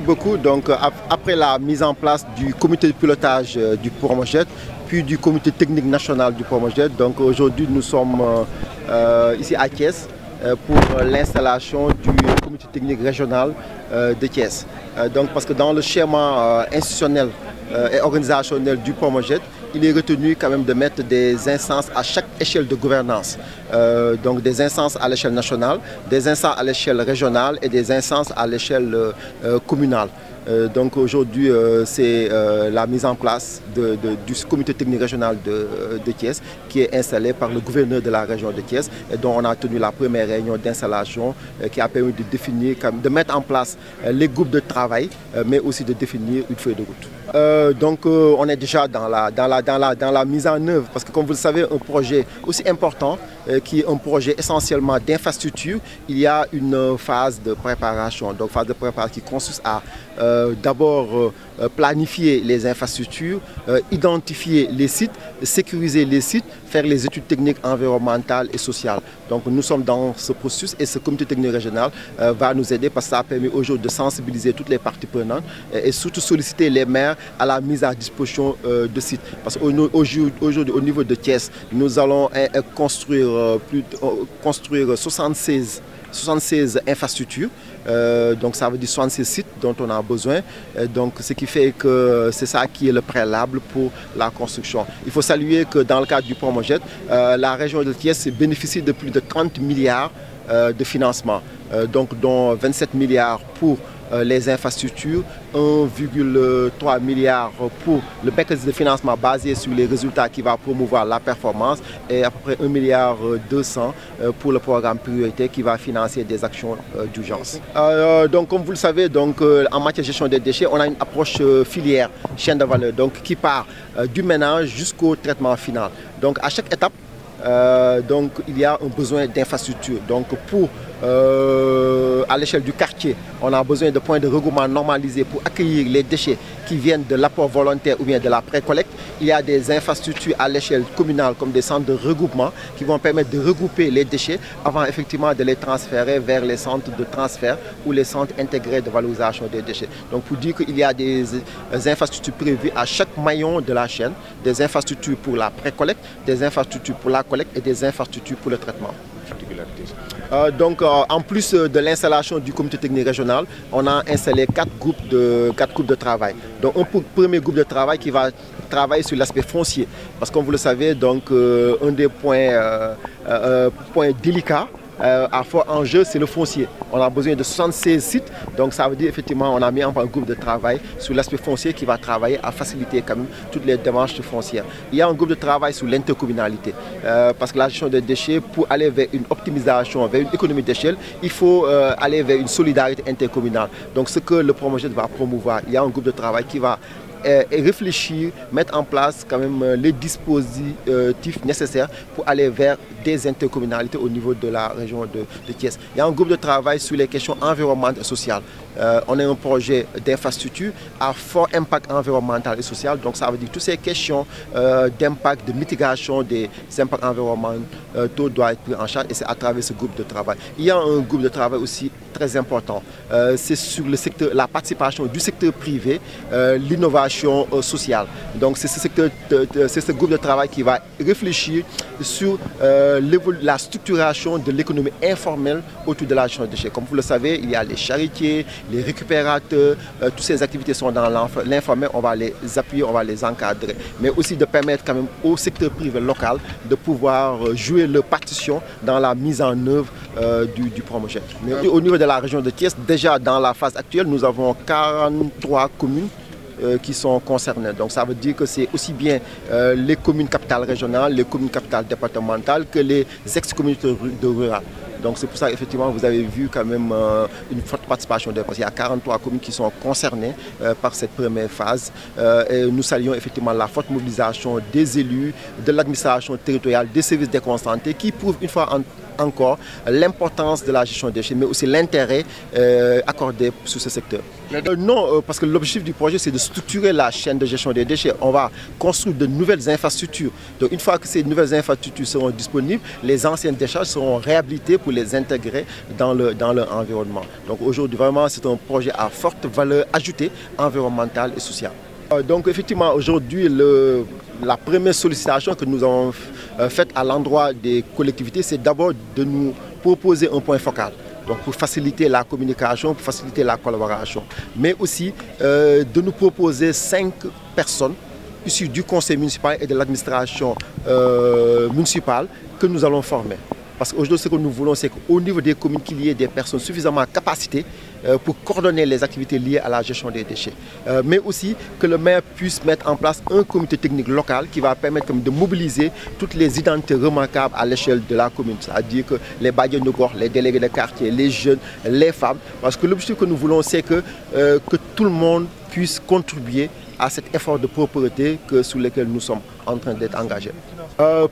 Merci beaucoup. Donc, après la mise en place du comité de pilotage euh, du Promojet, puis du comité technique national du Promojet, donc aujourd'hui nous sommes euh, euh ici à Thiès euh, pour l'installation du comité technique régional euh, de Thiès. parce que dans le schéma institutionnel et organisationnel du Promojet, il est retenu quand même de mettre des instances à chaque échelle de gouvernance. Euh, donc des instances à l'échelle nationale, des instances à l'échelle régionale et des instances à l'échelle euh, euh communale. Euh, donc aujourd'hui, euh, c'est euh, la mise en place de, de, du comité technique régional de, de Thiès qui est installé par le gouverneur de la région de Thiès et dont on a tenu la première réunion d'installation qui a permis de mettre en place les groupes de travail mais aussi de définir une feuille de route. donc euh, on est dans la, dans, la, dans, la, mise en œuvre parce que comme vous le savez, un projet aussi important qui est un projet essentiellement d'infrastructure, il y a une phase de préparation, donc phase de préparation qui consiste à euh, d'abord euh, euh, planifier les infrastructures, euh, les sites, sécuriser les sites, faire les études techniques environnementales et sociales. Donc nous sommes dans ce processus et ce comité régional euh, va nous parce que ça a permis aujourd'hui de sensibiliser toutes les parties prenantes et, et, surtout solliciter les maires à la mise à disposition euh, de sites. Parce qu'aujourd'hui au, au, niveau de Thiès, nous allons construire, plus, construire 76, 76 infrastructures Euh, donc ça veut dire 66 sites dont on a besoin. donc ce fait que c'est ça qui est le préalable pour la construction. Il faut saluer que dans le cadre du Promojet, euh, de Thiès bénéficie de plus de 30 milliards euh, financement, euh, donc dont 27 milliards pour Euh, les infrastructures, 1,3 milliard pour le mécanisme de financement basé sur les résultats qui va promouvoir la performance et à peu près 1 milliard 200 euh, euh, pour le programme priorité qui va financer des actions d'urgence. donc comme vous le savez, donc, en matière de gestion des déchets, on a une approche filière, chaîne de valeur, donc, qui part du ménage jusqu'au traitement final. Donc à chaque étape, donc, il y a un besoin d'infrastructures. Donc pour Euh, à l'échelle du quartier, on a besoin de points de regroupement normalisés pour accueillir les déchets qui viennent de l'apport volontaire ou bien de la précollecte. Il y a des infrastructures à l'échelle communale comme des centres de regroupement qui vont permettre de regrouper les déchets avant effectivement de les transférer vers les centres de transfert ou les centres intégrés de valorisation des déchets. Donc pour dire qu'il y a des, infrastructures prévues à chaque maillon de la chaîne, des infrastructures pour la précollecte, des infrastructures pour la collecte et des infrastructures pour le traitement. Euh, donc, euh, en plus euh, de l'installation du comité technique régional, on a installé quatre groupes de, quatre groupes de travail. Donc, un premier groupe de travail qui va travailler sur l'aspect foncier. Parce que, comme vous le savez, donc, euh, un des points, euh, euh, points délicats euh, à fort enjeu, c'est le foncier. On a de 76 sites, donc ça veut dire effectivement on a mis en place un groupe de travail sur l'aspect foncier qui va travailler à faciliter quand même toutes les de travail euh, pour aller vers une optimisation, vers une économie faut euh, aller vers une Donc ce que a un groupe de travail qui Euh, et réfléchir, mettre en place quand même euh, les dispositifs nécessaires pour aller vers des intercommunalités au niveau de la région de, de Thiès. Il y a un groupe de travail sur les questions environnementales et sociales. Euh, on a un projet d'infrastructure à fort impact environnemental et social. Donc ça veut dire que toutes ces questions d'impact, de mitigation des impacts environnementaux doivent être prises en charge et c'est à travers ce groupe de travail. Il y a aussi très important. Euh, c'est sur le secteur, la participation du secteur privé, euh, l'innovation euh, sociale. Donc c'est ce secteur, c'est ce groupe de travail qui va réfléchir sur euh, la structuration de l'économie informelle autour de la gestion des déchets. Comme vous le savez, il y a les charitiers, les récupérateurs, euh, toutes ces activités sont dans l'informel, on va les appuyer, on va les encadrer. Mais aussi de permettre quand même au secteur privé local de pouvoir jouer leur partition dans la mise en œuvre euh, du, du Mais ah. au niveau la région de Thiès, déjà dans la phase actuelle, nous avons 43 communes euh, qui sont concernés. Donc ça veut dire que aussi bien euh, les communes capitales régionales, les communes capitales départementales que les ex-communautés de rurales. Donc c'est pour ça effectivement vous avez euh, qui sont concernées euh, par cette première phase. Euh, et nous saluons effectivement la forte mobilisation des élus, de l'administration territoriale, des services déconcentrés qui prouvent une fois en encore l'importance de la gestion des déchets, mais aussi l'intérêt euh, accordé sur ce secteur. Euh, non, euh, parce que l'objectif du projet, c'est de structurer la chaîne de gestion des déchets. On va construire de nouvelles infrastructures. une fois que ces nouvelles infrastructures seront disponibles, les anciennes décharges seront réhabilitées pour les intégrer dans, le, dans leur environnement. Donc, aujourd'hui, vraiment, c'est un projet à forte valeur ajoutée environnementale et sociale. Euh, la première sollicitation que nous avons euh, faite à l'endroit des collectivités, c'est d'abord de nous proposer un point focal. Donc pour faciliter la communication, pour faciliter la collaboration, mais aussi euh, de nous proposer cinq personnes issues du conseil municipal et de l'administration euh, municipale que nous allons former. Parce qu'aujourd'hui, ce que nous voulons, c'est qu'au niveau des communes, qu'il y des personnes suffisamment capacitées Euh, pour coordonner les activités liées à la gestion des déchets. Euh, mais aussi que le maire puisse mettre en place un comité technique local qui va permettre de mobiliser toutes les identités remarquables à l'échelle de la commune. C'est-à-dire que les badiens de corps, les délégués de quartier, les jeunes, les femmes. Parce que l'objectif que nous voulons, euh, tout le monde puisse contribuer à cet effort de propreté que, sous lequel nous sommes en train d'être engagés.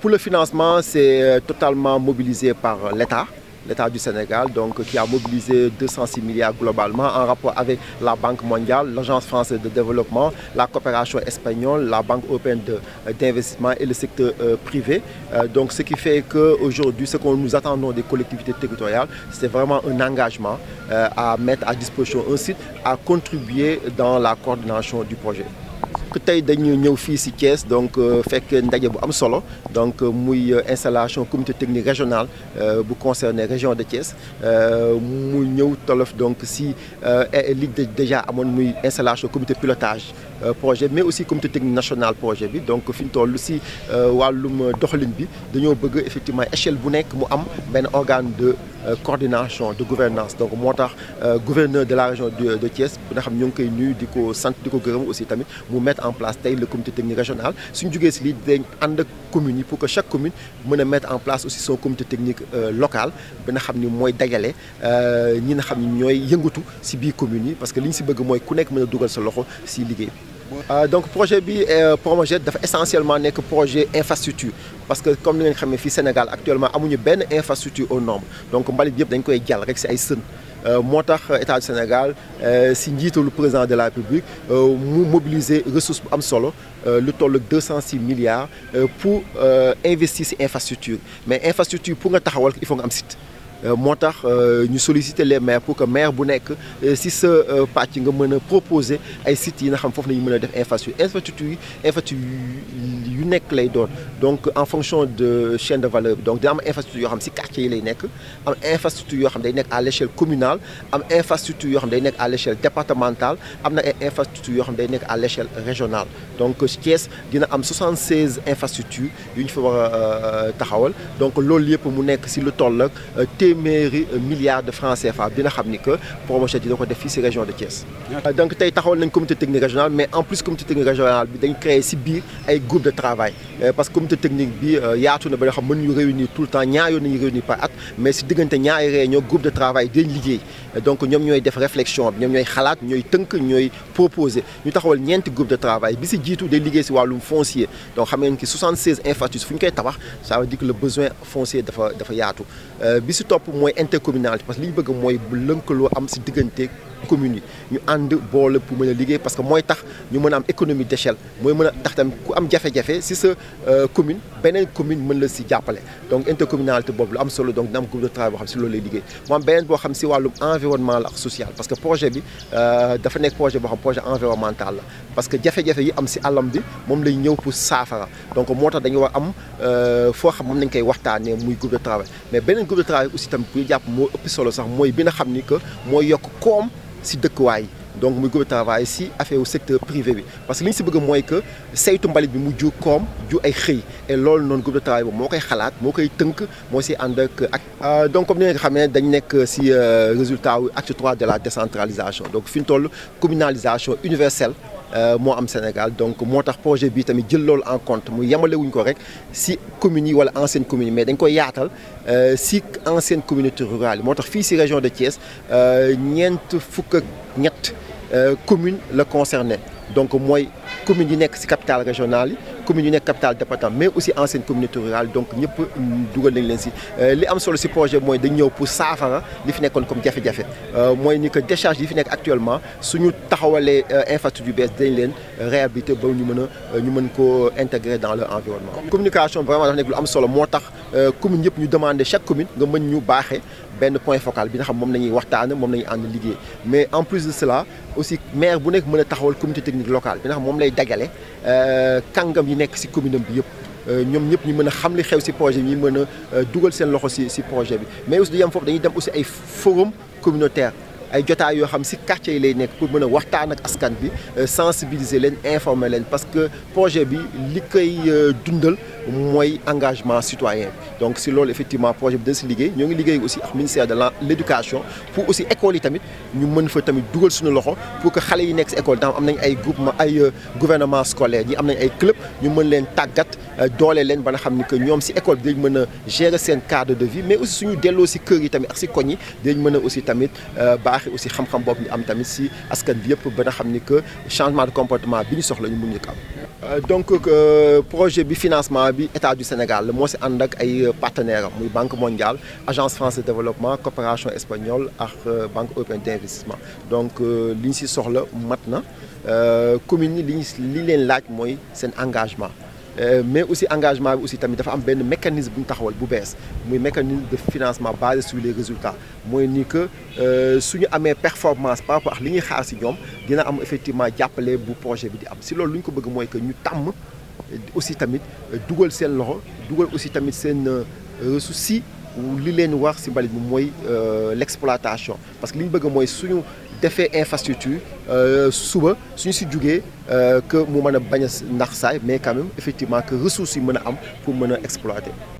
pour le financement, c'est totalement mobilisé par l'État. l'État du Sénégal, donc, qui a mobilisé 206 milliards globalement en rapport avec la Banque mondiale, l'Agence française de développement, la coopération espagnole, la Banque européenne euh, d'investissement et le secteur euh, privé. Euh, donc, ce qui fait qu'aujourd'hui, ce qu'on nous attendons des collectivités territoriales, c'est vraiment un engagement euh, à mettre à disposition un site, à contribuer dans la coordination du projet. donc tey dañu ñëw fii ci Thiès donc euh, fekk ndaje bu am solo donc euh, muy euh, installation comité technique régional bu concerné région de Thiès mu ñëw tolof donc si ci li déjà amoon muy installation comité pilotage projet mais aussi comité technique national projet bi donc fi ñu toll ci wàllum doxalin bi dañoo bëgg effectivement échelle bu nekk mu am benn organe de coordination de gouvernance donc moo tax gouverneur de la région de Thiès bi nga xam ñu ngi koy nuyu di ko sant di ko gërëm aussi tamit en place tey le comité technique régional suñ jugee si lii dañ ànd ak communes yi pour que chaque commune mën a mettre en place aussi son comité technique euh, local bi nga xam ni mooy dajale euh, ñi nga xam ni ñooy yëngatu si biir commune yi parce que li ñu si bëgg mooy ku nekk mën a dugal sa loxo si liggéey bi. Euh, donc projet bi Promojet dafa essentiellement nekk projet infrastructure parce que comme ni ngeen ne fii Sénégal actuellement amuñu benn infrastructure au nombre donc mbalit yëpp dañ koy jal rek si ay sën. Euh, moo tax euh, état du Sénégal euh, si njiitalu président de la République mu mobiliser ressource bu am solo lu toll deux cent six milliards pour investir si infrastructure mais infrastructure pour nga taxawal il faut nga am site. Euh, moo tax euh, ñu solliciter les maires pour que maire bu nekk euh, si sa pàcc nga mën a proposer ay sites yi na xam foofu la ñu mën a def infrastructure infrastructure yi yu nekk lay doon donc en fonction de chaîne de valeur bi donc dina am infrastructure yoo xam si quartier yi lay nekk am yoo xam day nekk à l'échelle communal am infrastructure yoo xam day nekk à l'échelle départementale am na ay infrastructure yoo xam day nekk à l'échelle régional donc Thiès dina am 76 infrastructures yu ñu fa war a taxawal donc loolu nekk si lu toll téeméeri milliards de francs CFA bi xam ni que promotion dina ko def fii si région de Thiès. donc tey taxawal nañ comité technique régional mais en plus comité technique régional bi dañ créé si biir ay groupe de travail euh, parce que comité technique bi euh, yaatu na ba nga xam mën ñu réunir tout le temps ñaar yoon nañu réunir par at mais si diggante ñaari réunion groupe de travail dañ liggéey donc ñoom ñooy def réflexion bi ñoom ñooy xalaat ñooy tënk ñooy proposer ñu taxawal ñeenti groupe de travail bi si jiitu liggéey si wàllum foncier donc xam ngeen ki 76 infrastructures fu ñu koy dafa dafa yaatu euh, bi jàpp mooy intercommunalité parce que li ñu bëgg mooy bu lënkaloo am si diggante communes yi ñu ànd boole pour mën a liggéey parce que mooy tax ñu mën a am économie d'échelle mooy mën a tax tamit ku am jafe-jafe si sa euh, commune beneen commune man la si jàppale donc intercommunalité boobu lu am solo donc dina am groupe de travail boo xam si loolu lay liggéey mu beneen boo xam si wàllum environnement la ak social parce que projet bi euh, dafa nekk projet boo xam projet environnemental moo tax dañu war am euh, foo xam moom nañ koy waxtaanee muy groupe itam kuy jàpp moo ëpp solo sax mooy bi nga xam ni que mooy yokk koom si dëkkuwaay donc muy groupe de travail si affaire au secteur privé bi parce que li ñu si bëgg mooy que saytu mbalit bi mu ju koom ju ay xëy et loolu noonu groupe de travail boobu moo koy xalaat moo koy tënk moo si ànd ak ak. Euh, donc comme ni nga xamee dañ nekk si euh, résultat wu acte trois de la décentralisation donc fi ñu toll communalisation universelle. Euh, moo am Sénégal donc moo tax projet bi tamit jël loolu en compte mu yemalewuñ ko rek si communes yi wala anciennes commune yi mais dañ ko yaatal euh, si ancienne communauté rurale yi moo tax fii si région de Thiès euh, ñeent fukk ak ñett commune la concerné donc mooy commune yi nekk ci capital régional yi communes yi nekk capital département mais aussi ancienne communauté rurale donc ñëpp mm, dugal nañ leen ci euh, li am solo si projet mooy dañ ñëw pour saafara li fi nekkoon comme jafe-jafe euh, mooy ni que décharge yi fi nekk actuellement suñu taxawalee euh, infrastructure yu bees dañ leen réhabilité ba ñu mën a ñu mën ko intégrer dans leur environnement communication vraiment dafa nekk lu am solo moo tax commune yëpp ñu demander chaque commune nga mën ñu baaxee benn point a lay dajale euh, kàngam yi nekk si commune bi yëpp euh, ñoom ñëpp ñu mën a xam li xew si projet bi ñu mën a euh, dugal seen loxo si si projet bi mais aussi du yem foofu dañuy dem aussi ay forum communautaire ay jotaay yoo xam si quartier yi lay nekk pour mën a waxtaan ak askan bi euh, sensibiliser leen informer leen parce que projet bi li koy euh, dundal mooy engagement citoyen bi donc si loolu effectivement projet bi dañ si liggéey ñoo ngi liggéey aussi ak ministère de l'éducation pour aussi école yi tamit ñu mën fa tamit dugal suñu loxo pour que xale yi nekk si école daam am nañ ay groupement ay euh, gouvernement scolaire ñi am nañ ay club ñu mën leen tàggat doole leen ba nga xam ni que ñoom si école dañ mën a gérer seen cadre de mais aussi suñu delloo si kër yi tamit ak si koñ yi dañ mën a aussi tamit baax tax aussi xam-xam boobu ñu am tamit si askan bi yëpp ba nga xam ni que changement de comportement bi ñu soxla ñu mun ñu ko am. Euh, donc euh, projet bi financement bi état du Sénégal moo si ànd ak ay euh, partenaires muy banque mondiale agence France de développement coopération espagnole ak banque européenne d'investissement donc li ñu si soxla mat na communes yi li ñu li leen laaj mooy seen engagement. Euh, mais aussi engagement bi aussi tamit dafa am benn mécanisme bu taxawal bu bees muy mécanisme de financement basé sur les résultats mooy ni que euh, su ñu amee performance par rapport li ñuy xaar ci ñoom dina am effectivement jàppale bu projet bi di am si loolu lu ñu ko bëgg mooy que ñu tàmm aussi tamit euh, dugal seen loxo dugal aussi tamit seen ressources li leen waax ci mbalit bi mooy euh, l'exploitation parce que li ñu bëgg mooy suñu defee infrastructure euh, suba suñu si jugee euh, que mu mën a bañ a ndax saay mais quand même effectivement que ressources yi mën a am pour mën a exploiter